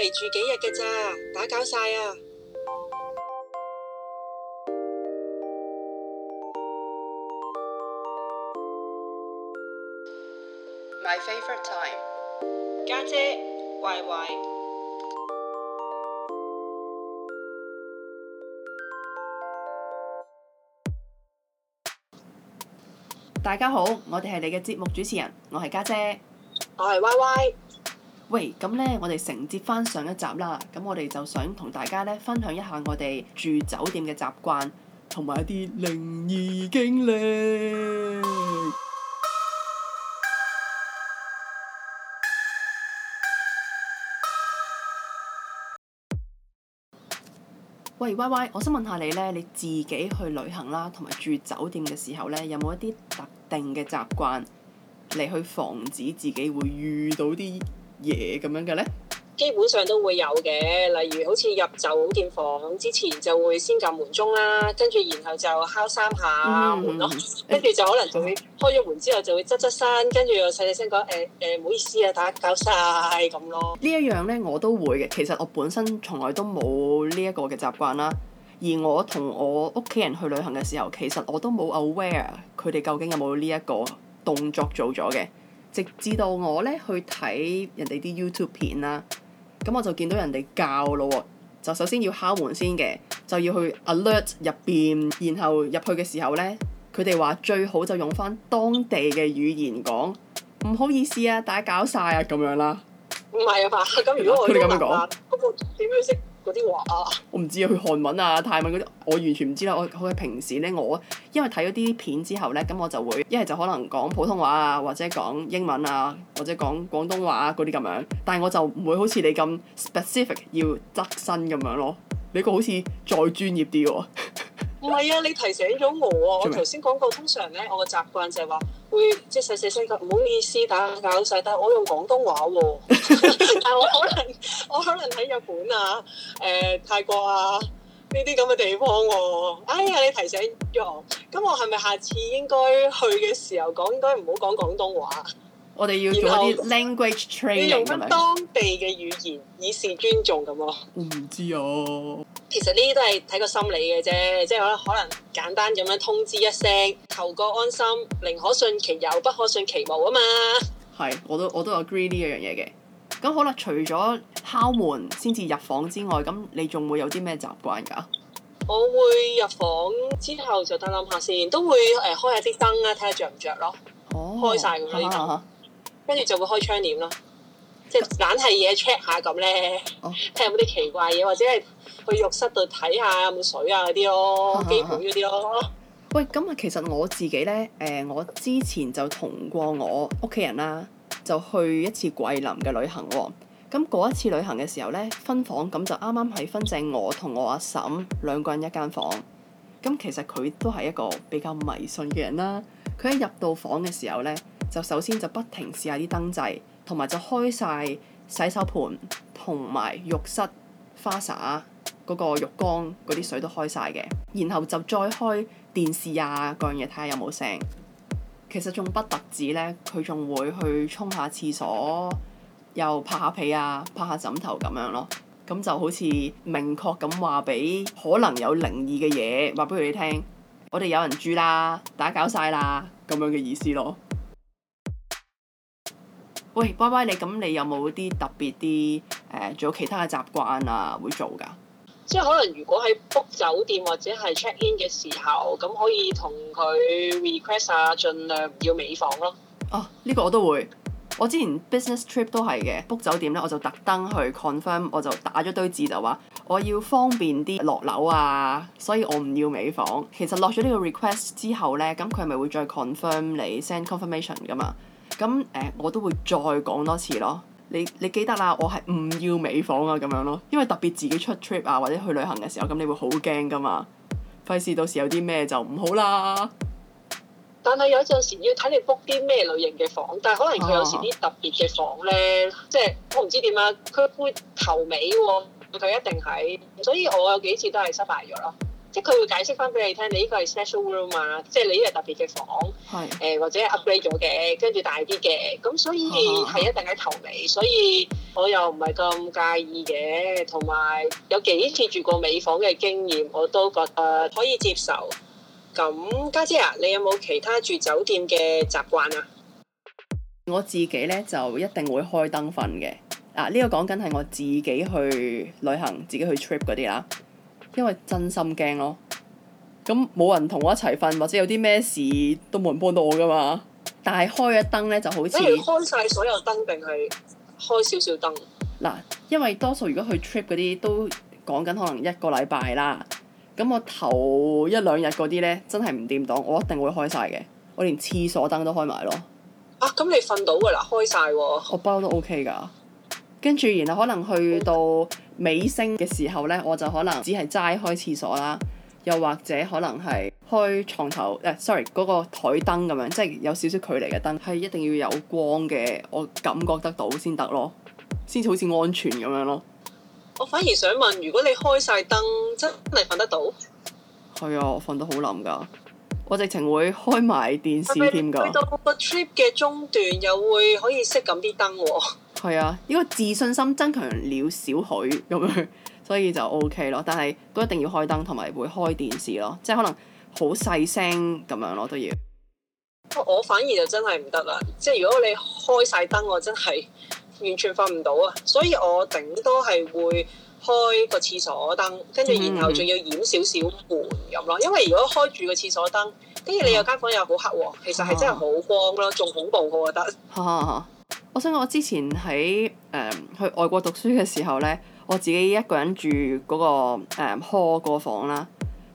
嚟住幾日嘅咋，打攪晒啊！My favorite time。家姐，威威。大家好，我哋係你嘅節目主持人，我係家姐，姐，我係威威。喂，咁呢，我哋承接翻上，上一集啦。咁我哋就想同大家呢分享一下我哋住酒店嘅習慣，同埋一啲靈異經歷。喂，Y Y，我想問下你呢，你自己去旅行啦，同埋住酒店嘅時候呢，有冇一啲特定嘅習慣嚟去防止自己會遇到啲？嘢咁、yeah, 樣嘅咧，基本上都會有嘅。例如好似入酒店房之前，就會先撳門鐘啦，跟住然後就敲三下門、嗯、跟住就可能就會 開咗門之後就會側側身，跟住又細細聲講，誒誒，唔好意思啊，打攪曬咁咯。呢一樣呢，我都會嘅。其實我本身從來都冇呢一個嘅習慣啦。而我同我屋企人去旅行嘅時候，其實我都冇 aware 佢哋究竟有冇呢一個動作做咗嘅。直至到我咧去睇人哋啲 YouTube 片啦，咁我就見到人哋教咯，就首先要敲門先嘅，就要去 alert 入邊，然後入去嘅時候咧，佢哋話最好就用翻當地嘅語言講，唔好意思啊，打攪晒啊咁樣啦。唔係啊嘛，咁如果我唔識話，我點、啊、樣識？啊啲啊！我唔知啊，去韓文啊、泰文嗰啲，我完全唔知啦。我佢平時咧，我因為睇咗啲片之後咧，咁我就會一係就可能講普通話啊，或者講英文啊，或者講廣東話嗰啲咁樣。但係我就唔會好似你咁 specific 要側身咁樣咯。你個好似再專業啲喎、哦。 唔係啊！你提醒咗我啊、哦！名我頭先講過，通常咧我個習慣就係話會即係細細聲講，唔好意思打搞曬。但係我用廣東話喎、哦， 但係我可能我可能喺日本啊、誒、呃、泰國啊呢啲咁嘅地方喎、哦。哎呀！你提醒咗。咁、哦、我係咪下次應該去嘅時候講，應該唔好講廣東話？我哋要做啲 language training 用翻當地嘅語言以示尊重咁咯。我唔知啊。其實呢啲都係睇個心理嘅啫，即係我可能簡單咁樣通知一聲，求個安心，寧可信其有，不可信其無啊嘛。係，我都我都 agree 呢一樣嘢嘅。咁好啦，除咗敲門先至入房之外，咁你仲會有啲咩習慣㗎？我會入房之後就等諗下先，都會誒、呃、開下啲燈啊，睇下着唔着咯，oh, 開曬佢啲燈。跟住就會開窗簾咯，即係攬係嘢 check 下咁咧，睇、哦、有冇啲奇怪嘢，或者係去浴室度睇下有冇水啊嗰啲咯，啊、哈哈基本嗰啲咯。喂，咁啊，其實我自己咧，誒、呃，我之前就同過我屋企人啦，就去一次桂林嘅旅行喎。咁嗰一次旅行嘅時候咧，分房咁就啱啱喺分正我同我阿嬸兩個人一間房。咁其實佢都係一個比較迷信嘅人啦。佢一入到房嘅時候咧，就首先就不停試下啲燈掣，同埋就開晒洗手盆同埋浴室花灑嗰個浴缸嗰啲水都開晒嘅，然後就再開電視啊各樣嘢睇下有冇聲。其實仲不特止呢，佢仲會去沖下廁所，又拍下被啊，拍下枕頭咁樣咯。咁就好似明確咁話俾可能有靈異嘅嘢話俾佢哋聽，我哋有人住啦，打攪晒啦，咁樣嘅意思咯。喂 b y 你，咁你有冇啲特別啲誒做其他嘅習慣啊？會做㗎？即係可能如果喺 book 酒店或者係 check in 嘅時候，咁可以同佢 request 啊，盡量唔要美房咯。哦、啊，呢、這個我都會。我之前 business trip 都係嘅 book 酒店咧，我就特登去 confirm，我就打咗堆字就話我要方便啲落樓啊，所以我唔要美房。其實落咗呢個 request 之後咧，咁佢咪會再 confirm 你 send confirmation 㗎嘛？咁誒、呃，我都會再講多次咯。你你記得啦，我係唔要尾房啊，咁樣咯。因為特別自己出 trip 啊，或者去旅行嘅時候，咁你會好驚噶嘛。費事到時有啲咩就唔好啦。但係有陣時要睇你 book 啲咩類型嘅房，但係可能佢有時啲特別嘅房咧，即係我唔知點啊，佢會頭尾喎、哦，佢一定係。所以我有幾次都係失敗咗咯。即係佢會解釋翻俾你聽，你呢個係 special room 啊，即係你呢個特別嘅房，誒是、呃、或者係 upgrade 咗嘅，跟住大啲嘅，咁所以係一定係頭尾，所以我又唔係咁介意嘅，同埋有，有幾次住過尾房嘅經驗，我都覺得、呃、可以接受。咁家姐，姐啊，你有冇其他住酒店嘅習慣啊？我自己咧就一定會開燈瞓嘅。嗱、啊、呢、呢個講緊係我自己去旅行、自己去 trip 嗰啲啦。因為真心驚咯，咁、嗯、冇人同我一齊瞓，或者有啲咩事都冇人幫到我噶嘛。但係開咗燈咧就好似開晒所有燈定係開少少燈嗱？因為多數如果去 trip 嗰啲都講緊可能一個禮拜啦，咁我頭一兩日嗰啲咧真係唔掂檔，我一定會開晒嘅。我連廁所燈都開埋咯。啊，咁你瞓到㗎啦？開晒喎。我包都 OK 㗎。跟住，然後可能去到尾聲嘅時候呢，我就可能只係齋開廁所啦，又或者可能係開床頭，啊，sorry，嗰個台燈咁樣，即係有少少距離嘅燈，係一定要有光嘅，我感覺得到先得咯，先至好似安全咁樣咯。我反而想問，如果你開晒燈，真係瞓得到？係啊，我瞓得好冧㗎，我直情會開埋電視添㗎。係咪去到個 trip 嘅中段，又會可以熄緊啲燈喎。係啊，呢個自信心增強了少許咁樣， 所以就 OK 咯。但係都一定要開燈同埋會開電視咯，即係可能好細聲咁樣咯都要。我反而就真係唔得啦，即係如果你開晒燈，我真係完全瞓唔到啊。所以我頂多係會開個廁所燈，跟住然後仲要掩少少門咁咯。嗯、因為如果開住個廁所燈，跟住你有間房又好黑，啊、其實係真係好光咯，仲恐怖我覺得。啊我想我之前喺誒、呃、去外國讀書嘅時候呢，我自己一個人住嗰、那個誒 c、呃、個房啦。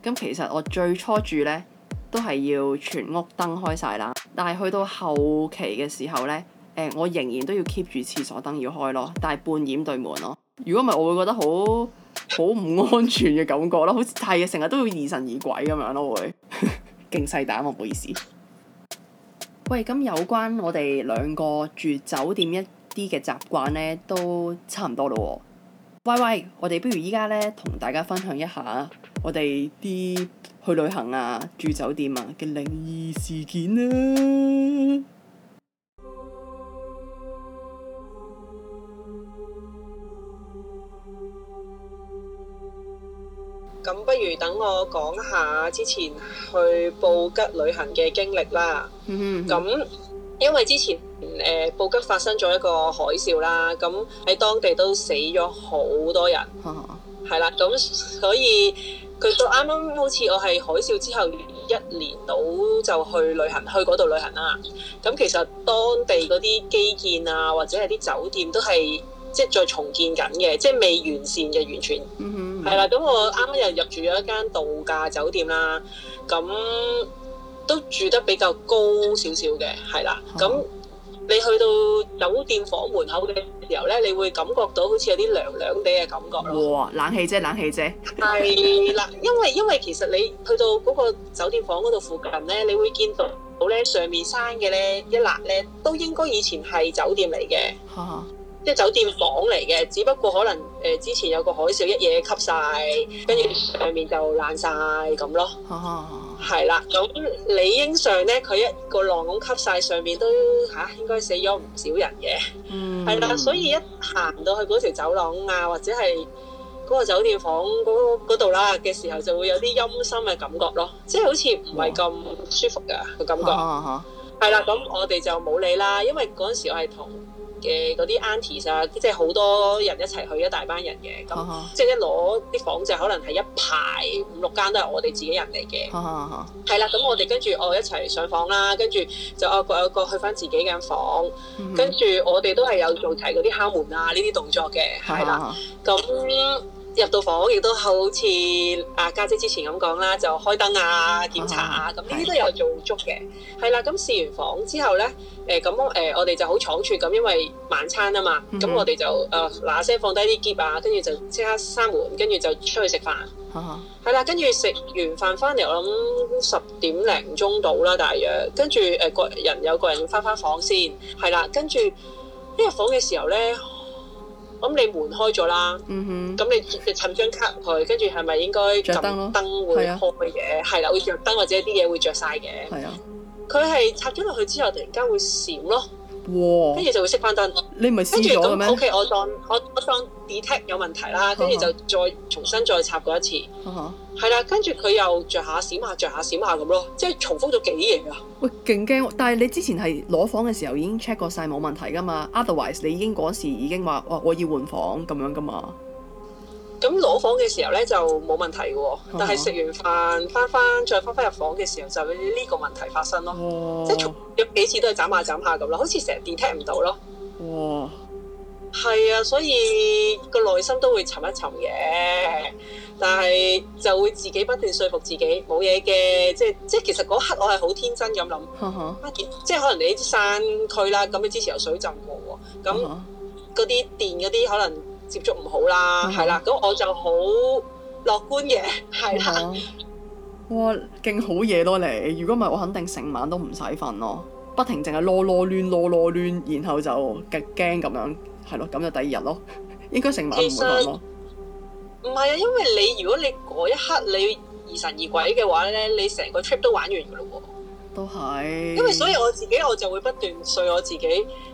咁其實我最初住呢都係要全屋燈開晒啦，但係去到後期嘅時候呢，誒、呃、我仍然都要 keep 住廁所燈要開咯，但係半掩對門咯。如果唔係我會覺得好好唔安全嘅感覺咯，好似係啊成日都要疑神疑鬼咁樣咯會，勁 細膽我唔好意思。喂，咁有關我哋兩個住酒店一啲嘅習慣呢，都差唔多咯。喂喂，我哋不如依家呢，同大家分享一下我哋啲去旅行啊、住酒店啊嘅靈異事件啦，啊。不如等我講下之前去布吉旅行嘅經歷啦。咁 因為之前誒、呃、布吉發生咗一個海嘯啦，咁喺當地都死咗好多人。係 啦，咁所以佢到啱啱好似我係海嘯之後一年到就去旅行，去嗰度旅行啦。咁其實當地嗰啲基建啊，或者係啲酒店都係。即係再重建緊嘅，即係未完善嘅，完全係啦。咁、mm hmm. 我啱啱又入住咗一間度假酒店啦，咁都住得比較高少少嘅，係啦。咁、oh. 你去到酒店房門口嘅時候咧，你會感覺到好似有啲涼涼地嘅感覺咯、oh。冷氣啫，冷氣啫。係啦，因為因為其實你去到嗰個酒店房嗰度附近咧，你會見到到咧上面山嘅咧一辣咧，都應該以前係酒店嚟嘅。Oh. 即係酒店房嚟嘅，只不過可能誒、呃、之前有個海嘯一嘢吸晒，跟住上面就爛晒咁咯。哦，係 啦，咁、嗯嗯、理應上咧，佢一個浪咁吸晒上面都吓、啊，應該死咗唔少人嘅。嗯，係啦，所以一行到去嗰條走廊啊，或者係嗰個酒店房嗰度啦嘅時候，就會有啲陰森嘅感覺咯，即係好似唔係咁舒服嘅個、啊、感覺。 啊哈，係、啊、 啦，咁我哋就冇理啦，因為嗰陣時我係同。嘅嗰啲 aunties 啊，即係好多人一齊去，一大班人嘅，咁、uh huh. 即係一攞啲房就可能係一排五六間都係我哋自己人嚟嘅，係啦、uh。咁、huh. 我哋跟住我一齊上房啦，跟住就各有各去返自己間房，跟住、mm hmm. 我哋都係有做齊嗰啲敲門啊呢啲動作嘅，係啦，咁。入到房亦都好似阿家姐之前咁講啦，就開燈啊、檢查啊，咁呢啲都有做足嘅。係啦、uh，咁、huh. 咁試完房之後咧，誒咁誒我哋就好倉促咁，因為晚餐啊嘛，咁、uh huh. 我哋就誒嗱嗱聲放低啲喼啊，跟住就即刻閂門，跟住就出去食飯。係啦、uh huh，跟住食完飯翻嚟，我諗十點零鐘到啦，大約。跟住誒個人有個人翻翻房先。係啦，跟住呢入房嘅時候咧。嗯嗯嗯咁你門開咗啦，咁、嗯、哼你你插張卡入去，跟住係咪應該燈燈會開嘅？係啦、啊，會着燈或者啲嘢會着晒嘅。係啊，佢係插咗落去之後，突然間會閃咯。跟住哇就會熄翻燈，你唔係熄咗咩？OK，我當我我當 detect 有問題啦，跟住就再重新再插過一次，係啦哈，跟住佢又着下閃下着下閃下咁咯，即係重複咗幾嘢啊、um！喂，勁驚！但係你之前係攞房嘅時候已經 check 過晒冇問題㗎嘛？Otherwise 你已經嗰時已經話哇我要換房咁樣㗎嘛？咁攞房嘅時候咧就冇問題嘅、哦，但係食完飯翻翻再翻翻入房嘅時候就會呢個問題發生咯，哦、即係從有幾次都係眨下眨下咁咯，好似成日 detect 唔到咯。哦，係啊，所以個內心都會沉一沉嘅，但係就會自己不斷說服自己冇嘢嘅，即係即係其實嗰刻我係好天真咁諗，即係可能你啲山區啦，咁你之前有水浸過，咁嗰啲電嗰啲可能。接觸唔好啦，係啦、嗯，咁我就好樂觀嘅，係啦，哇，勁好嘢咯你！如果唔係，我肯定成晚都唔使瞓咯，不停淨係攞攞攣攞攞攣，然後就極驚咁樣，係咯，咁就第二日咯，應該成晚唔會瞓咯。唔係啊，因為你如果你嗰一刻你疑神疑鬼嘅話咧，你成個 trip 都玩完㗎咯喎。都係，因為所以我自己我就會不斷碎我自己，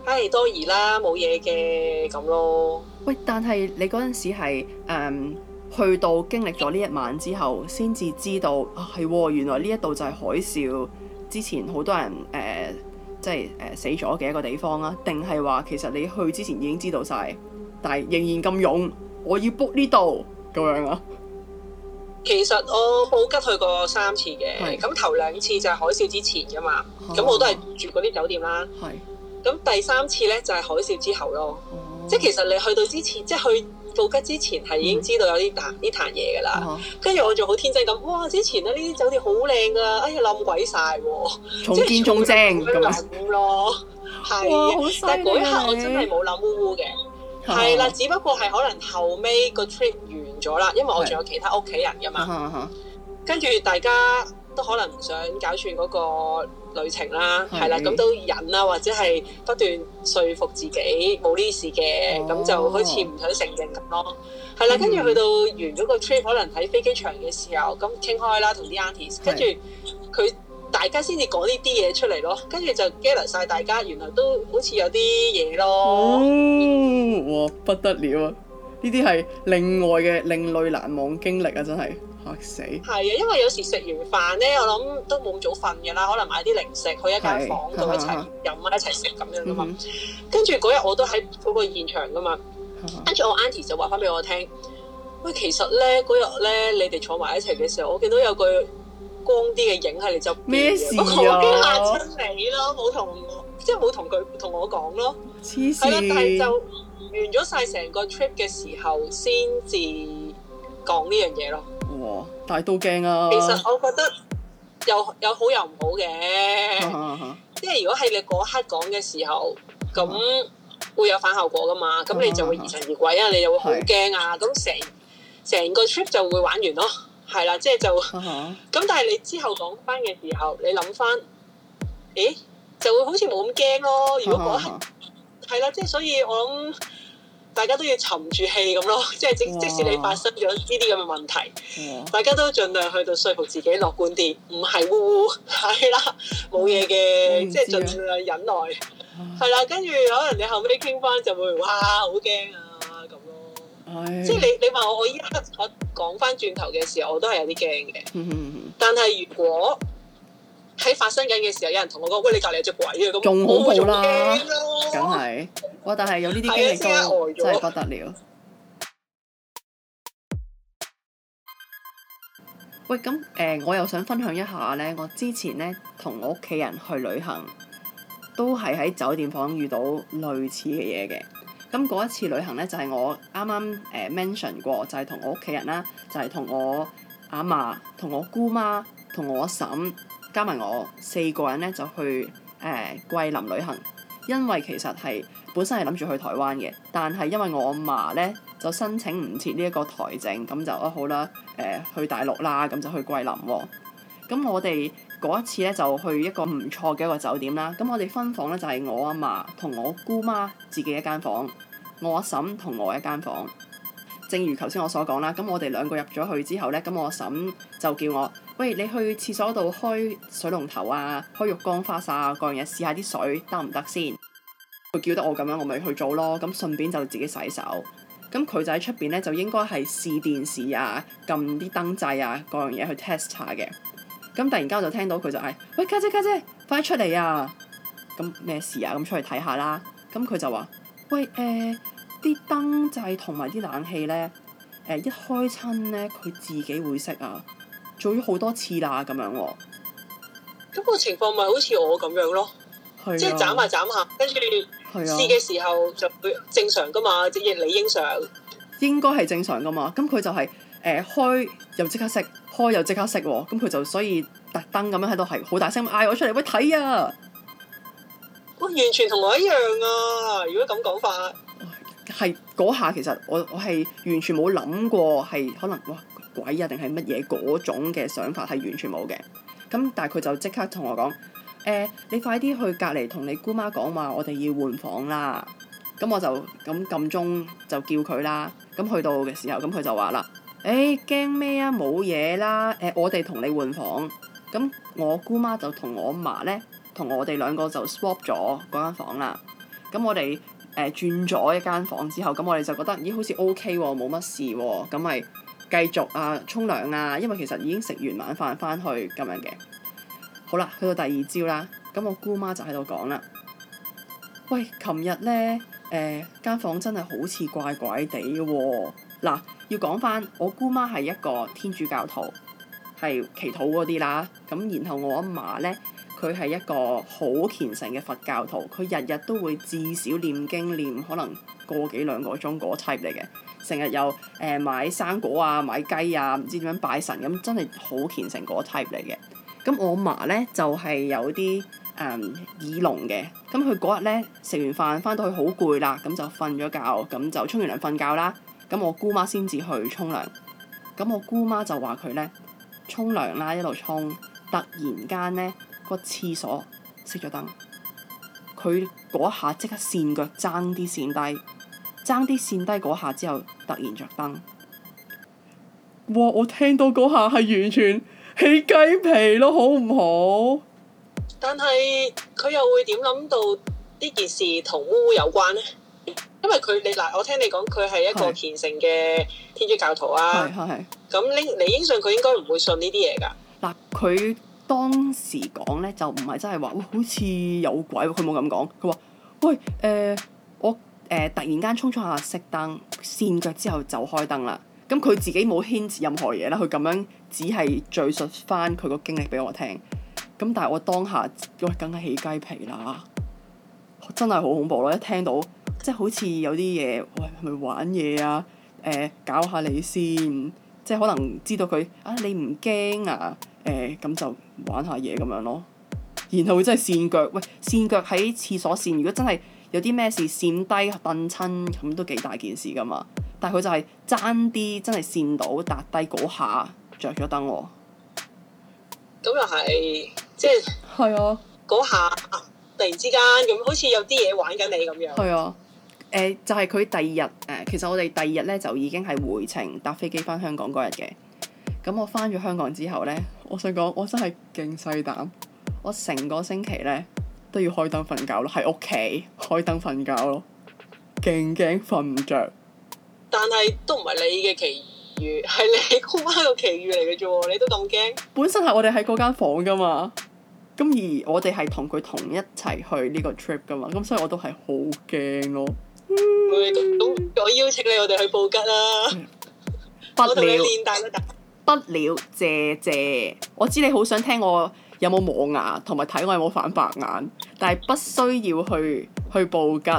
唉，多疑啦，冇嘢嘅咁咯。喂，但係你嗰陣時係誒、嗯、去到經歷咗呢一晚之後，先至知道係、啊、原來呢一度就係海嘯之前好多人誒、呃、即係誒、呃、死咗嘅一個地方啊，定係話其實你去之前已經知道晒，但係仍然咁勇，我要 book 呢度咁樣啊？其實我布吉去過三次嘅，咁頭兩次就係海嘯之前噶嘛，咁我都係住嗰啲酒店啦。咁第三次咧就係海嘯之後咯，即係其實你去到之前，即係去布吉之前係已經知道有啲潭、啲潭嘢噶啦。跟住我仲好天真咁，哇！之前咧呢啲酒店好靚噶，哎呀冧鬼晒喎，重見重正咁咯。係啊，但係嗰一刻我真係冇淋污污嘅。係啦、uhm，只不過係可能後尾個 trip 完咗啦，因為我仲有其他屋企人噶嘛，哎、跟住大家都可能唔想搞串嗰個旅程啦，係啦，咁都忍啦，或者係不斷說服自己冇呢事嘅，咁就好似唔想承認咁咯。係啦、哦，跟住去到完嗰個 trip，可能喺飛機場嘅時候，咁傾開啦，同啲 aunties 跟住佢。大家先至講呢啲嘢出嚟咯，跟住就 gather 晒大家，原來都好似有啲嘢咯、哦。哇，不得了啊！呢啲係另外嘅另類難忘經歷啊，真係嚇死！係啊，因為有時食完飯咧，我諗都冇咁早瞓㗎啦，可能買啲零食去一間房度一齊飲啊，哈哈一齊食咁樣㗎嘛。跟住嗰日我都喺嗰個現場㗎嘛，跟住哈我 uncle 就話翻俾我聽，喂，其實咧嗰日咧你哋坐埋一齊嘅時候，我見到有個。光啲嘅影係你就咩事啊？我驚嚇親你咯，冇同，即係冇同佢同我講咯。黐線！係咯，但係就完咗晒成個 trip 嘅時候，先至講呢樣嘢咯。哇！但係都驚啊！其實我覺得有有好有唔好嘅，即係如果係你嗰刻講嘅時候，咁會有反效果噶嘛？咁你就會疑神疑鬼啊，你就會好驚啊，咁成成個 trip 就會玩完咯。係啦，即係就咁、是，uh huh. 但係你之後講翻嘅時候，你諗翻，誒、欸、就會好似冇咁驚咯。如果嗰係係啦，即係、uh huh. 就是、所以我諗大家都要沉住氣咁咯。就是、即係即、uh huh. 即使你發生咗呢啲咁嘅問題，uh huh. 大家都盡量去到說服自己樂觀啲，唔係烏烏係啦，冇嘢嘅，即係、嗯、盡量忍耐。係啦、uh，跟、huh. 住 可能你後尾傾翻就會哇好驚啊！哎、即係你，你話我，我依家，我講翻轉頭嘅時候，我都係有啲驚嘅。嗯嗯，但係如果喺發生緊嘅時候，有人同我講喂，你隔籬有隻鬼啊？咁仲恐怖啦，梗係。哇！但係有呢啲嘅嘢真係不得了。喂，咁誒、呃，我又想分享一下咧，我之前咧同我屋企人去旅行，都係喺酒店房遇到類似嘅嘢嘅。咁嗰一次旅行呢，就係、是、我啱啱誒 mention 過，就係、是、同我屋企人啦，就係、是、同我阿嫲、同我姑媽、同我阿嬸加埋我四個人呢，就去誒、呃、桂林旅行。因為其實係本身係諗住去台灣嘅，但係因為我阿嫲呢，就申請唔切呢一個台證，咁就啊好啦，誒、呃、去大陸啦，咁就去桂林喎、哦。咁、嗯、我哋。嗰一次咧就去一個唔錯嘅一個酒店啦。咁我哋分房咧就係我阿嫲同我姑媽自己一間房，我阿嬸同我一間房。正如頭先我所講啦，咁我哋兩個入咗去之後咧，咁我阿嬸就叫我：喂，你去廁所度開水龍頭啊，開浴缸花灑啊，各樣嘢試下啲水得唔得先？佢叫得我咁樣，我咪去做咯。咁順便就自己洗手。咁佢就喺出邊咧，就應該係試電視啊，撳啲燈掣啊，各樣嘢去 test 下嘅。咁、嗯、突然間我就聽到佢就係喂家姐家姐,姐,姐,姐快出嚟啊！咁、嗯、咩事啊？咁、嗯、出去睇下啦。咁、嗯、佢就話：喂誒，啲、呃、燈掣同埋啲冷氣咧誒、呃、一開親咧，佢自己會熄啊！做咗好多次啦，咁樣喎、哦。咁個情況咪好似我咁樣咯，即係斬下斬下，跟住試嘅時候就會正常噶嘛，即、就、亦、是、你應常應該係正常噶嘛。咁、嗯、佢就係、是、誒、呃、開又即刻熄。開、哦、又即刻識喎，咁、嗯、佢就所以特登咁樣喺度係好大聲嗌我出嚟，喂，睇啊！喂，啊哦、完全同我一樣啊！如果咁講法、啊，係嗰下其實我我係完全冇諗過係可能哇鬼啊定係乜嘢嗰種嘅想法係完全冇嘅。咁、嗯、但係佢就即刻同我講誒、欸，你快啲去隔離同你姑媽講話，我哋要換房啦。咁、嗯、我就咁撳鐘就叫佢啦。咁、嗯、去到嘅時候，咁、嗯、佢就話啦。誒驚咩啊？冇嘢啦！誒、呃，我哋同你換房，咁我姑媽就同我阿嫲呢，同我哋兩個就 swap 咗嗰間房啦。咁我哋誒轉咗一間房之後，咁我哋就覺得咦，好似 OK 冇乜事喎、啊。咁咪繼續啊，沖涼啊，因為其實已經食完晚飯翻去咁樣嘅。好啦，去到第二朝啦，咁我姑媽就喺度講啦。喂，琴日呢，誒、呃，間房真係好似怪怪地喎、啊，嗱。要講翻，我姑媽係一個天主教徒，係祈禱嗰啲啦。咁然後我阿嫲呢，佢係一個好虔誠嘅佛教徒，佢日日都會至少念經念可能個幾兩個鐘嗰 type 嚟嘅，成日又誒買生果啊、買雞啊，唔知點樣拜神，咁真係好虔誠嗰 type 嚟嘅。咁我阿嫲呢，就係、是、有啲、嗯、耳聾嘅，咁佢嗰日呢，食完飯翻到去好攰啦，咁就瞓咗覺，咁就沖完涼瞓覺啦。咁我姑媽先至去沖涼，咁我姑媽就話佢呢，沖涼啦，一路沖，突然間呢個廁所熄咗燈，佢嗰下即刻跣腳爭啲跣低，爭啲跣低嗰下之後突然着燈，哇！我聽到嗰下係完全起雞皮咯，好唔好？但係佢又會點諗到呢件事同烏烏有關呢？因為佢你嗱，我聽你講佢係一個虔誠嘅天主教徒啊，係係係，咁你你應信佢應該唔會信呢啲嘢噶。嗱，佢當時講咧就唔係真係話，好似有鬼，佢冇咁講。佢話喂，誒、呃，我誒、呃、突然間衝出下熄燈，跣腳之後就開燈啦。咁佢自己冇牽涉任何嘢啦，佢咁樣只係敘述翻佢個經歷俾我聽。咁但係我當下，哇，梗係起雞皮啦，真係好恐怖咯！一聽到。即係好似有啲嘢，喂，係咪玩嘢啊？誒，搞下你先，即係可能知道佢啊，你唔驚啊？誒，咁就玩下嘢咁樣咯。然後佢真係跣腳，喂，跣腳喺廁所跣。如果真係有啲咩事跣低蹬親，咁都幾大件事噶嘛。但係佢就係爭啲真係跣到搭低嗰下着咗燈喎。咁又係，即係係啊！嗰下突然之間咁，好似有啲嘢玩緊你咁樣。係啊！誒、呃、就係、是、佢第二日誒、呃，其實我哋第二日咧就已經係回程搭飛機翻香港嗰日嘅。咁我翻咗香港之後咧，我想講我真係勁細膽，我成個星期咧都要開燈瞓覺咯，喺屋企開燈瞓覺咯，勁驚瞓唔着。但係都唔係你嘅奇遇，係你姑媽個奇遇嚟嘅啫喎，你都咁驚。本身係我哋喺嗰間房㗎嘛，咁而我哋係同佢同一齊去呢個 trip 㗎嘛，咁所以我都係好驚咯。我邀請你，我哋去布吉啦、啊。 不了料，練 大個蛋。不了，謝謝。我知你好想聽我有冇磨牙，同埋睇我有冇反白眼，但係不需要去去布吉。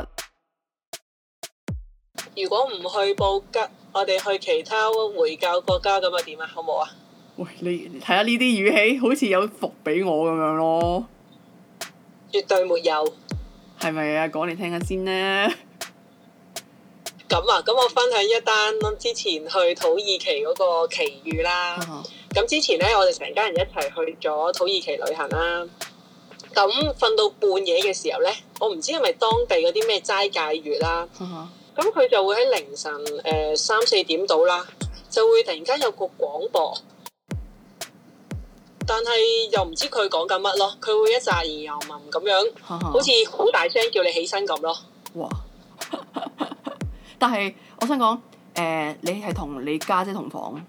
如果唔去布吉，我哋去其他回教國家咁啊？點啊？好唔好啊？喂，你睇下呢啲語氣，好似有服俾我咁樣咯。絕對沒有。係咪啊？講嚟聽下先啦。咁啊，咁我分享一單之前去土耳其嗰個奇遇啦。咁、uh huh. 之前咧，我哋成家人一齊去咗土耳其旅行啦。咁瞓到半夜嘅時候咧，我唔知係咪當地嗰啲咩齋戒月啦。咁佢、uh huh. 就會喺凌晨誒三四點到啦，就會突然間有個廣播，但係又唔知佢講緊乜咯。佢會一雜而又問咁樣，uh huh. 好似好大聲叫你起身咁咯。哇、uh！Huh. 但係我想講，誒、呃、你係同你家姐，姐同房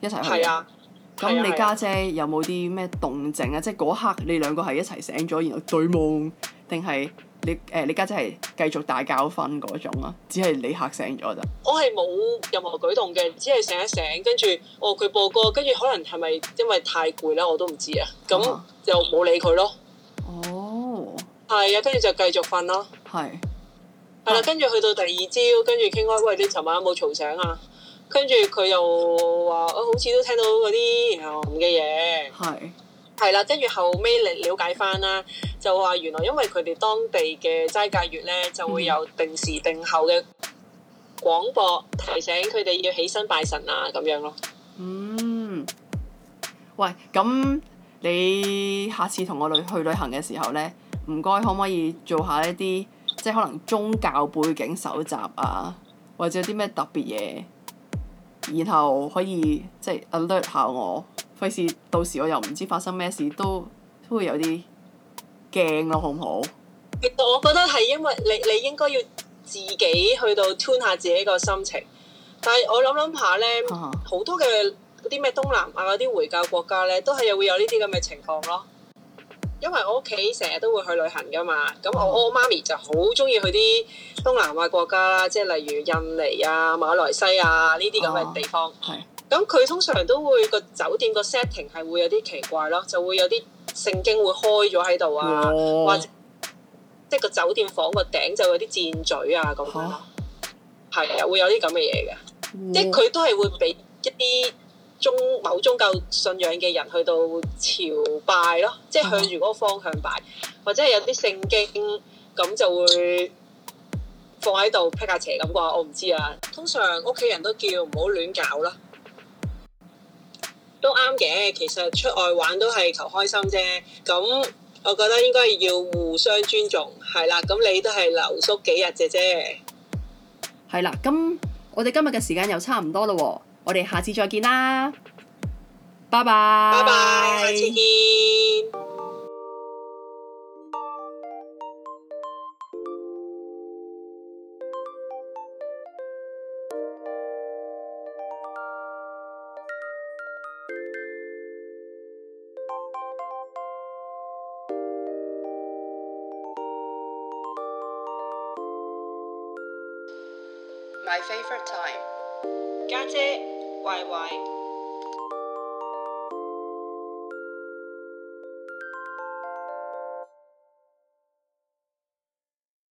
一齊去，係啊。咁你家姐，姐有冇啲咩動靜啊？啊即係嗰刻你兩個係一齊醒咗，然後對望，定係你誒、呃、你家姐係繼續大覺瞓嗰種啊？只係你嚇醒咗咋？我係冇任何舉動嘅，只係醒一醒，跟住哦佢播歌，跟住可能係咪因為太攰啦？我都唔知、uh huh. oh. 啊。咁就冇理佢咯。哦，係啊，跟住就繼續瞓啦。係。係啦，跟住 去到第二朝，跟住傾開，喂，你尋晚有冇嘈醒啊？跟住佢又話，哦，好似都聽到嗰啲咁嘅嘢。係是，係啦，跟住後尾你了解翻啦，就話原來因為佢哋當地嘅齋戒月咧，就會有定時定候嘅廣播提醒佢哋要起身拜神啊，咁樣咯。嗯，喂，咁你下次同我旅去旅行嘅時候咧，唔該，可唔可以做一下一啲？即係可能宗教背景搜集啊，或者有啲咩特別嘢，然後可以即係 alert 下我，費事到時我又唔知發生咩事，都都會有啲驚咯，好唔好？我覺得係因為你你應該要自己去到 tune 下自己個心情，但係我諗諗下咧，好、uh huh. 多嘅啲咩東南亞嗰啲回教國家咧，都係會有呢啲咁嘅情況咯。因為我屋企成日都會去旅行噶嘛，咁我我媽咪就好中意去啲東南亞國家啦，即係例如印尼啊、馬來西亞呢啲咁嘅地方。係、啊，咁佢通常都會個酒店個 setting 係會有啲奇怪咯，就會有啲聖經會開咗喺度啊，哦、或者即係個酒店房個頂就有啲箭嘴啊咁樣咯，係啊，會有啲咁嘅嘢嘅，嗯、即係佢都係會俾一啲。中某宗教信仰嘅人去到朝拜咯，即係向住嗰個方向拜，或者係有啲聖經咁就會放喺度劈下邪咁啩，我唔知啊。通常屋企人都叫唔好亂搞咯，都啱嘅。其實出外玩都係求開心啫。咁我覺得應該要互相尊重，係啦。咁你都係留宿幾日，姐姐係啦。咁我哋今日嘅時間又差唔多啦喎。我哋下次再見啦，拜拜，拜拜，下次見。